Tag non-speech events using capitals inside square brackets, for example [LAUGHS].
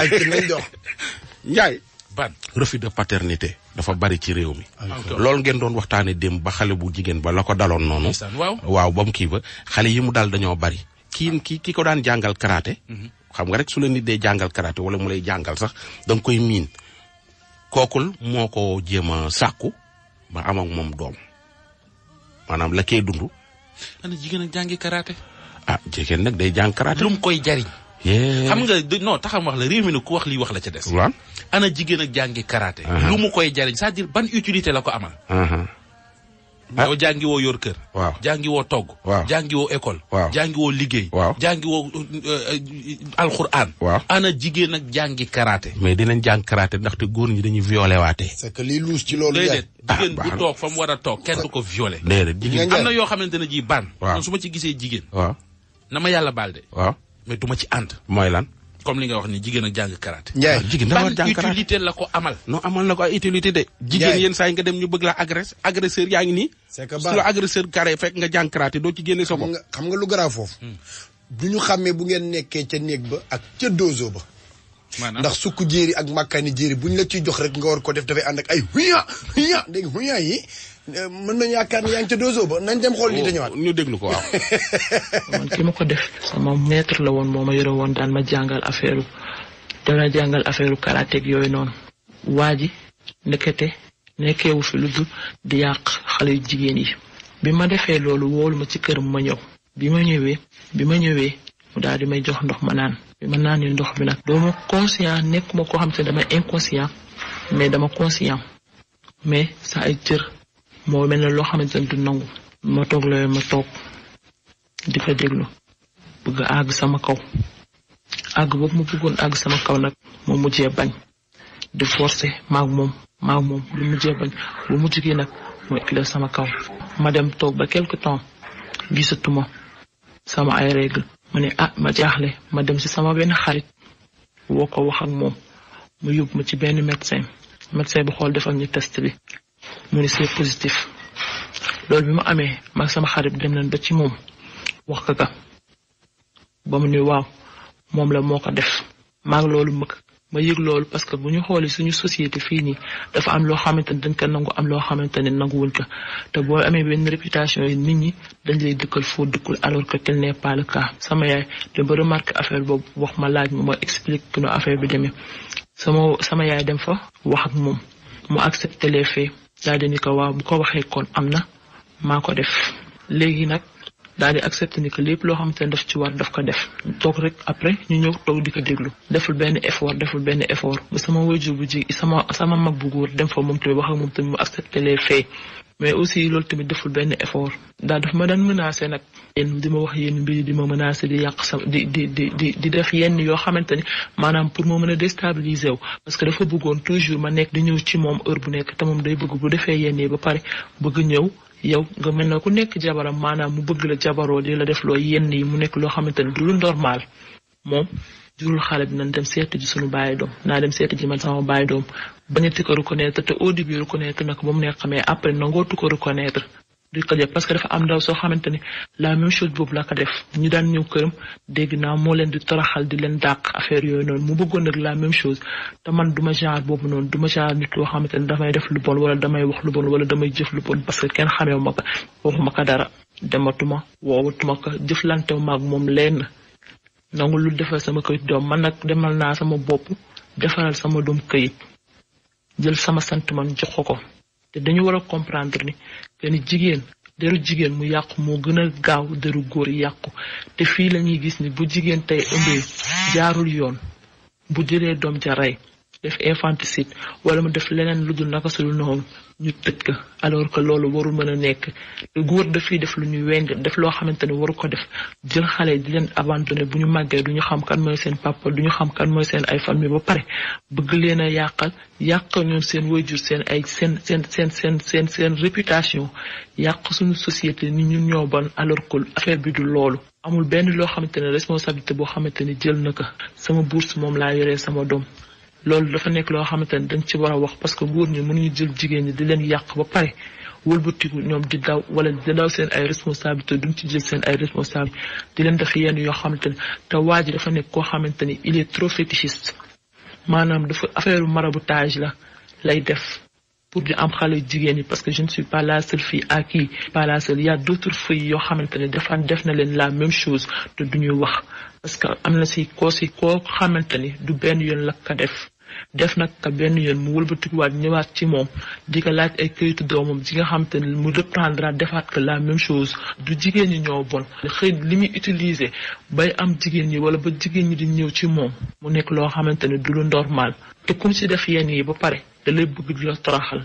ay ci nañ ban refus de paternité dafa bari ci réew mi. Ah, loolu ngeen doon waxtaanee démb ba xale bu jigéen ba la ko daloon noonu. waaw waaw ba mu kii ba xale yi mu daal dañoo bari. kii ah. ki ki ko daan jàngal karaté. Mhm. xam nga rek su la nit dee jàngal karaté wala mu lay jàngal sax da koy miin. kookul moo ko jéem a sàkku ba am moom doom maanaam la koy dund. ana jigéen ak jàngi karaté. ah jigéen nag day jàng lu mu koy jariñ. xam nga non taxam wax la réew mi ne ku wax lii wax la ca des. waaw ana jigéen ak jàngi karaate uh-huh. lu mu koy jariñ saa dire ban utilité la ko amal. Uh-huh. Ah. yow jàngi woo yor kër. waaw jàngi woo togg. waaw jàngi école. waaw jàngi woo liggéey. waaw jàngi woo euh, alxuraan. waaw ana jigéen ak jàngi karaté. mais dinañ jàng ndaxte góor ñi dañuy violé waatee. c'est li ci loolu. yaay ah, jigéen bu toog fa mu war a toog kenn du ko violé. am na yoo xamante ne jii ban. waaw su ma ci gisee jigéen. waaw na ma yàlla baal de. waaw mais du ma ci ànd. mooy lan. comme li nga wax ni jigéen ak jàng karaté. Ndiaye ah, jigéen dafa war jàng karaté ban utilité la ko amal. non amal na ko ay utilité de. jigéen yenn saa yi nga dem ñu bëgg la agresse agresseur yaa ngi ni c'est que su la agresseur carré fekk nga jàng karaté doo ci génne sa bopp. xam nga lu garaaw foofu. Hmm. du ñu xàmmee bu ngeen nekkee ca néeg ba ak ca dozo ba. ndax sukk jéeri ak màkkaani jéeri bu ñu la ciy jox rek nga war ko def dafay ànd ak ay huya huya dégg huya yi mën nañu yaakaar nañ yaa ngi ca doso ba nañ dem xool lii oh, dañëwaat ñu déglu ko waaw [LAUGHS] man ma ko def sama maître la woon moo ma yore woon daan ma jàngal affaire dama jàngal affaire karateeg yooyu noonu waa ji ndekete nekkeewu fi lu dul di yàq xale yu jigéen yi bi ma defee loolu woolu ma ci mu ma ñëw bi ma ñëwee bi ma ñëwee mu daal di may jox ndox ma naan bi ma naan ndox bi nag doo ma conscient nekk xam te ne dama inconscient mais dama conscient mais sa ay cër moo mel ne loo xamante ne du nangu ma toog looy ma toog di ko déglu bëgg àgg sama kaw àgg boobu ma bëggoon àgg sama kaw nag moo mujjee bañ di forcer maag moom maag moom lu mujjee bañ bu mujj gi nag mooy sama kaw ma dem toog ba quelque temps gisatuma sama ay règle ma ne ah ma jaaxle ma dem si sama benn xarit woo ko wax ak moom mu yóbbu ma ci benn médecin médecin bu xool defal ni test bi mu ne c'est positif loolu bi mu amee maag sama xarit dem nañ ba ci moom wax ka ka ba mu ne waaw moom la moo ko def maag loolu mëkk ma yëg loolu parce que bu ñu xoolee suñu société fii nii dafa am loo xamante ne dañ ka nangu am loo xamante ne nanguwuñ ko te boo amee benn réputation yi nit ñi dañ lay dëkkal foo dëkkul alors que tel n'est pas sama yaay da ba remarqué affaire boobu wax ma laaj ma ma explique no affaire bi demee sama sama yaay dem fa wax ak moom mu accepté les faits daal di ko waaw bu ko waxee kon am na maa ko def léegi nag daal di accepté ni que lépp loo xamante ne daf ci war daf ko def toog rek après ñu ñëw toog di ko déglu deful benn effort deful benn effort ba sama wajur bu ji sama sama mag bu góor dem fa moom tamit wax ak moom tamit mu accepté les faits mais aussi loolu tamit deful benn effort daal dafa ma daan menacé nag yéen di ma wax yéen mbir di ma menacé di yàq sama di di di di di def yenn yoo xamante ni maanaam pour moo mën a déstabiliser wu parce que dafa buggoon toujours ma nekk di ñëw ci moom heure bu nekk te moom day bëgg bu defee yenn ba pare bëgg ñëw yow nga mel na ku nekk jabaram maanaam mu bëgg la jabaroo di la def loo yenn yi mu nekk loo xamante ne du lu normal moom jurul xale bi nañ dem seeti ji suñu bàyyi doom naa dem seeti ji man sama bàyyi doom bañati ko reconnaître te au début reconnaître na ko ba mu nekk xamee après nangootu ko reconnaître di ko parce que dafa am ndaw soo xamante ni la même chose boobu la ko def ñu daan ñëw këram dégg naa moo leen di toroxal di leen dàq affaire yooyu noonu mu bëggoon la même chose te man du ma genre boobu noonu du ma genre nit yoo xamante ni damay def lu bon wala damay wax lu bon wala damay jëf lu bon parce que kenn xamee ma ko waxuma ko dara dematuma woowatuma ko jëflantewu ma moom lenn nangu lu defal sama këyit doom man nag demal naa sama bopp defaral sama doom këyit jël sama sant man jox ko ko te dañu war a comprendre ni que ni jigéen deru jigéen mu yàqu moo gën a gaaw deru góor yàqu te fii la ñuy gis ni bu jigéen tey ëmbee jaarul yoon bu jëlee doom ja rey def infanticide wala mu def leneen lu dul naka sulu noonu ñu tëj ko alors que loolu warul mën a nekk góor dafiy def lu ñuy weng def loo xamante ne waru ko def jël xale di leen abandonné bu ñu màggee du ñu xam kan mooy seen papa du ñu xam kan mooy seen ay famille ba pare bëgg leen a yàqal yàq ñoom seen wayjur seen ay seen seen seen seen seen seen réputation yàq suñu société ni ñun ñoo bon alors que affaire bi du loolu amul benn loo xamante ne responsabilité boo xamante ne jël na ko sama bourse moom laa yoree sama doom loolu dafa nekk loo xamante ne dañ ci war a wax parce que góor ñi mënuñu jël jigéen ñi di leen yàq ba pare wëlbatiku ñoom di daw wala di daw seen ay responsabilité duñ ci jël seen ay responsabilité di leen def yenn yoo xamante ne te waa ji dafa nekk koo xamante ni il est trop maanaam dafa affaire maraboutage la lay def pour di am xale jigéen yi parce que je ne suis pas la seule fille à qui pas la seule y a yoo xamante ne dafa def na leen la même chose te duñuy wax parce que am na si koo si xamante ni du benn yoon la ko def def nag ka benn yoon mu wëlbatikuwaat ñëwaat ci moom di ko laaj ay këyitu doomam ji nga xam te ne mu reprendre defaat la même chose du jigéen ñi ñoo bon xëy li muy utiliser bay am jigéen ñi wala ba jigéen ñi di ñëw ci moom mu nekk loo xamante ne du lu normal te comme si def yenn yi ba pare da lay bëgg di la toroxal